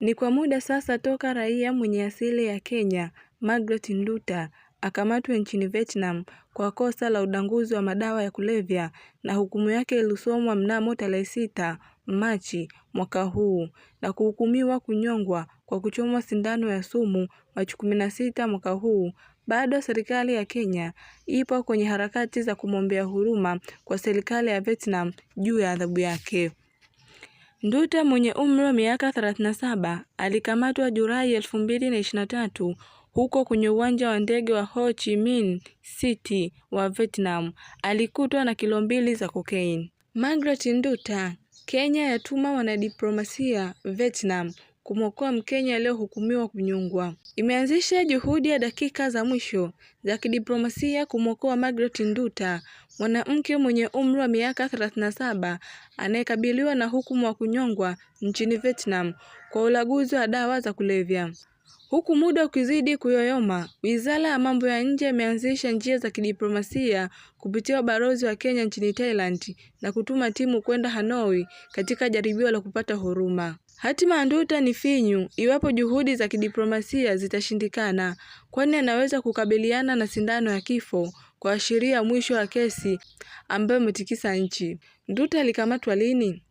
Ni kwa muda sasa toka raia mwenye asili ya Kenya Margaret Nduta akamatwe nchini Vietnam kwa kosa la udanguzi wa madawa ya kulevya na hukumu yake ilisomwa mnamo tarehe sita Machi mwaka huu na kuhukumiwa kunyongwa kwa kuchomwa sindano ya sumu Machi 16 mwaka huu. Bado serikali ya Kenya ipo kwenye harakati za kumwombea huruma kwa serikali ya Vietnam juu ya adhabu yake. Nduta mwenye umri wa miaka 37 alikamatwa Julai 2023 huko kwenye uwanja wa ndege wa Ho Chi Minh City wa Vietnam. Alikutwa na kilo mbili za cocaine. Margaret Nduta Kenya yatuma wanadiplomasia Vietnam kumwokoa Mkenya aliyohukumiwa kunyongwa. Imeanzisha juhudi ya dakika za mwisho za kidiplomasia kumwokoa Margaret Nduta, mwanamke mwenye umri wa miaka 37 anayekabiliwa na hukumu wa kunyongwa nchini Vietnam kwa ulaguzi wa dawa za kulevya. Huku muda ukizidi kuyoyoma, Wizara ya Mambo ya Nje imeanzisha njia za kidiplomasia kupitia ubalozi wa Kenya nchini Thailand na kutuma timu kwenda Hanoi katika jaribio la kupata huruma. Hatima ya Nduta ni finyu iwapo juhudi za kidiplomasia zitashindikana, kwani anaweza kukabiliana na sindano ya kifo kuashiria mwisho wa kesi ambayo umetikisa nchi. Nduta alikamatwa lini?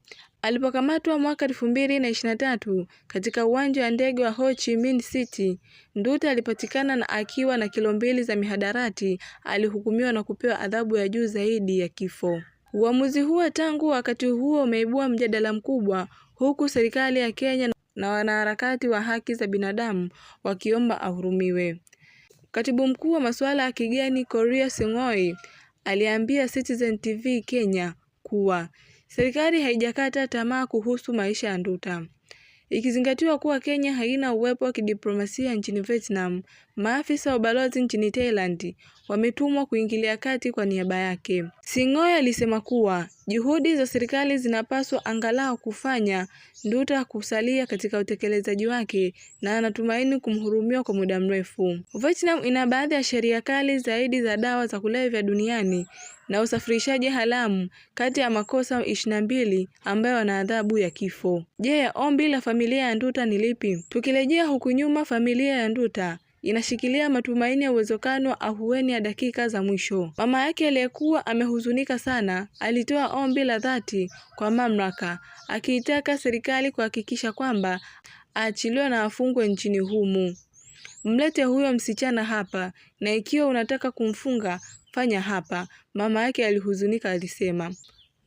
Alipokamatwa mwaka elfu mbili na ishirini na tatu katika uwanja wa ndege wa Ho Chi Minh City, Nduta alipatikana na akiwa na kilo mbili za mihadarati. Alihukumiwa na kupewa adhabu ya juu zaidi ya kifo. Uamuzi huo tangu wakati huo umeibua mjadala mkubwa huku serikali ya Kenya na wanaharakati wa haki za binadamu wakiomba ahurumiwe. Katibu mkuu wa masuala ya kigeni Korea Seng'oei aliambia Citizen TV Kenya kuwa serikali haijakata tamaa kuhusu maisha ya Nduta, ikizingatiwa kuwa Kenya haina uwepo wa kidiplomasia nchini Vietnam. Maafisa wa balozi nchini Thailand wametumwa kuingilia kati kwa niaba yake. Sing'oei alisema kuwa Juhudi za serikali zinapaswa angalau kufanya Nduta kusalia katika utekelezaji wake na anatumaini kumhurumiwa kwa muda mrefu. Vietnam ina baadhi ya sheria kali zaidi za dawa za kulevya duniani na usafirishaji haramu kati ya makosa ishirini na mbili ambayo ana adhabu ya kifo. Je, ombi la familia ya Nduta ni lipi? Tukirejea huku nyuma, familia ya Nduta inashikilia matumaini ya uwezekano wa ahueni ya dakika za mwisho. Mama yake aliyekuwa amehuzunika sana alitoa ombi la dhati kwa mamlaka akiitaka serikali kuhakikisha kwamba aachiliwe na afungwe nchini humu. Mlete huyo msichana hapa, na ikiwa unataka kumfunga fanya hapa, mama yake alihuzunika alisema.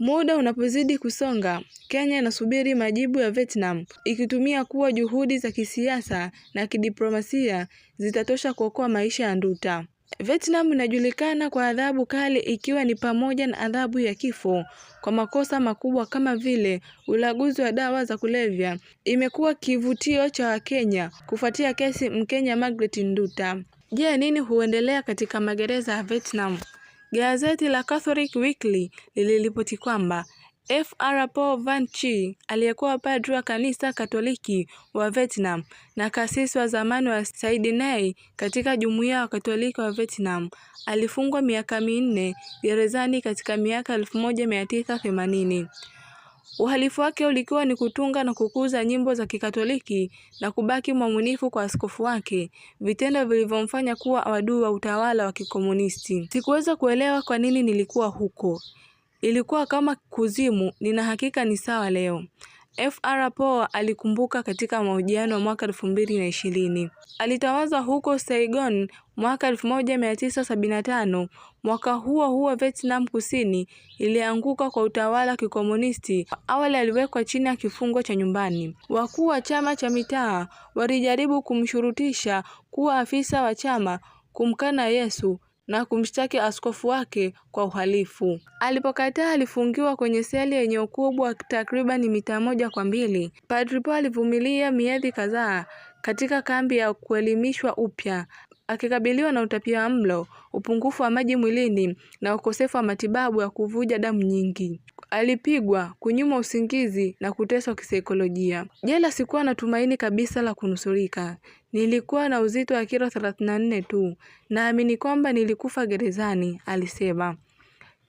Muda unapozidi kusonga, Kenya inasubiri majibu ya Vietnam ikitumia kuwa juhudi za kisiasa na kidiplomasia zitatosha kuokoa maisha ya Nduta. Vietnam inajulikana kwa adhabu kali ikiwa ni pamoja na adhabu ya kifo kwa makosa makubwa kama vile ulaguzi wa dawa za kulevya. Imekuwa kivutio cha Wakenya kufuatia kesi Mkenya Margaret Nduta. Je, nini huendelea katika magereza ya Vietnam? Gazeti la Catholic Weekly liliripoti kwamba Fr Paul Van Chi aliyekuwa padri wa kanisa Katoliki wa Vietnam na kasisi wa zamani wa Sydney katika jumuiya ya Katoliki wa Vietnam alifungwa miaka minne gerezani katika miaka 1980. Uhalifu wake ulikuwa ni kutunga na kukuza nyimbo za Kikatoliki na kubaki mwaminifu kwa askofu wake, vitendo vilivyomfanya kuwa adui wa utawala wa kikomunisti. Sikuweza kuelewa kwa nini nilikuwa huko. Ilikuwa kama kuzimu, nina hakika ni sawa leo. Fr Poa alikumbuka katika mahojiano ya mwaka 2020. Alitawazwa huko Saigon mwaka 1975. Mwaka huo huo Vietnam Kusini ilianguka kwa utawala wa kikomunisti. Awali aliwekwa chini ya kifungo cha nyumbani. Wakuu wa chama cha mitaa walijaribu kumshurutisha kuwa afisa wa chama kumkana Yesu na kumshtaki askofu wake kwa uhalifu. Alipokataa alifungiwa kwenye seli yenye ukubwa wa takribani mita moja kwa mbili. Padri Paul alivumilia miezi kadhaa katika kambi ya kuelimishwa upya akikabiliwa na utapia mlo, upungufu wa maji mwilini na ukosefu wa matibabu ya kuvuja damu nyingi. Alipigwa, kunyuma usingizi na kuteswa kisaikolojia. Jela sikuwa na tumaini kabisa la kunusurika. Nilikuwa na uzito wa kilo 34 tu, naamini kwamba nilikufa gerezani, alisema.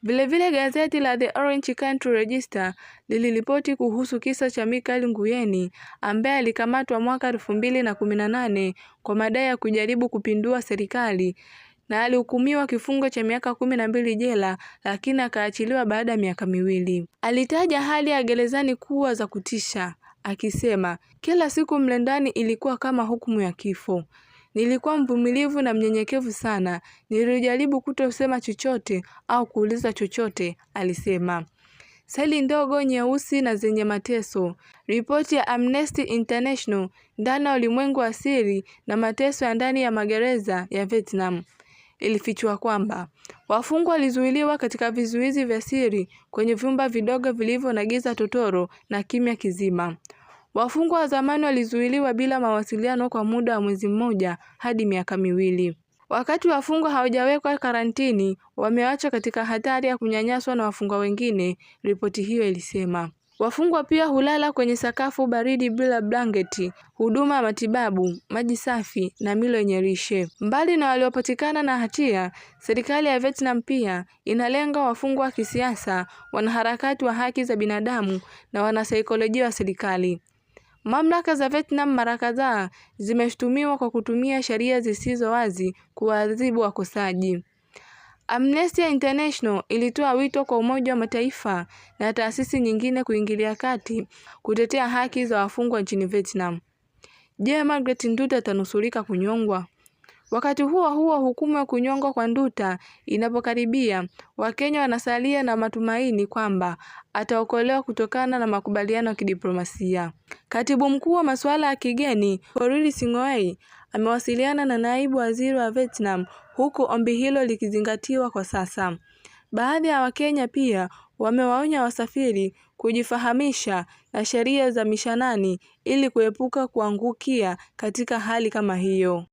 Vilevile gazeti la The Orange County Register liliripoti kuhusu kisa cha Michael Nguyeni ambaye alikamatwa mwaka 2018 kwa madai ya kujaribu kupindua serikali na alihukumiwa kifungo cha miaka kumi na mbili jela lakini akaachiliwa baada ya miaka miwili. Alitaja hali ya gerezani kuwa za kutisha akisema, kila siku mle ndani ilikuwa kama hukumu ya kifo. Nilikuwa mvumilivu na mnyenyekevu sana, nilijaribu kutosema chochote au kuuliza chochote, alisema. Seli ndogo nyeusi na zenye mateso. Ripoti ya Amnesty International ndani ya ulimwengu wa siri na mateso ya ndani ya magereza ya Vietnam ilifichua kwamba wafungwa walizuiliwa katika vizuizi vya siri kwenye vyumba vidogo vilivyo na giza totoro na kimya kizima. Wafungwa wa zamani walizuiliwa bila mawasiliano kwa muda wa mwezi mmoja hadi miaka miwili. Wakati wafungwa hawajawekwa karantini, wamewachwa katika hatari ya kunyanyaswa na wafungwa wengine, ripoti hiyo ilisema. Wafungwa pia hulala kwenye sakafu baridi bila blanketi, huduma ya matibabu, maji safi na milo yenye lishe. Mbali na waliopatikana na hatia, serikali ya Vietnam pia inalenga wafungwa wa kisiasa, wanaharakati wa haki za binadamu na wanasaikolojia wa serikali. Mamlaka za Vietnam mara kadhaa zimeshutumiwa kwa kutumia sheria zisizo wazi kuwaadhibu wakosaji. Amnesty International ilitoa wito kwa Umoja wa Mataifa na taasisi nyingine kuingilia kati kutetea haki za wafungwa nchini Vietnam. Je, Margaret Nduta atanusurika kunyongwa? Wakati huo huo, hukumu ya kunyongwa kwa Nduta inapokaribia, Wakenya wanasalia na matumaini kwamba ataokolewa kutokana na makubaliano ya kidiplomasia. Katibu mkuu wa masuala ya kigeni Korir Sing'oei amewasiliana na naibu waziri wa Vietnam huku ombi hilo likizingatiwa kwa sasa. Baadhi ya Wakenya pia wamewaonya wasafiri kujifahamisha na sheria za mishanani ili kuepuka kuangukia katika hali kama hiyo.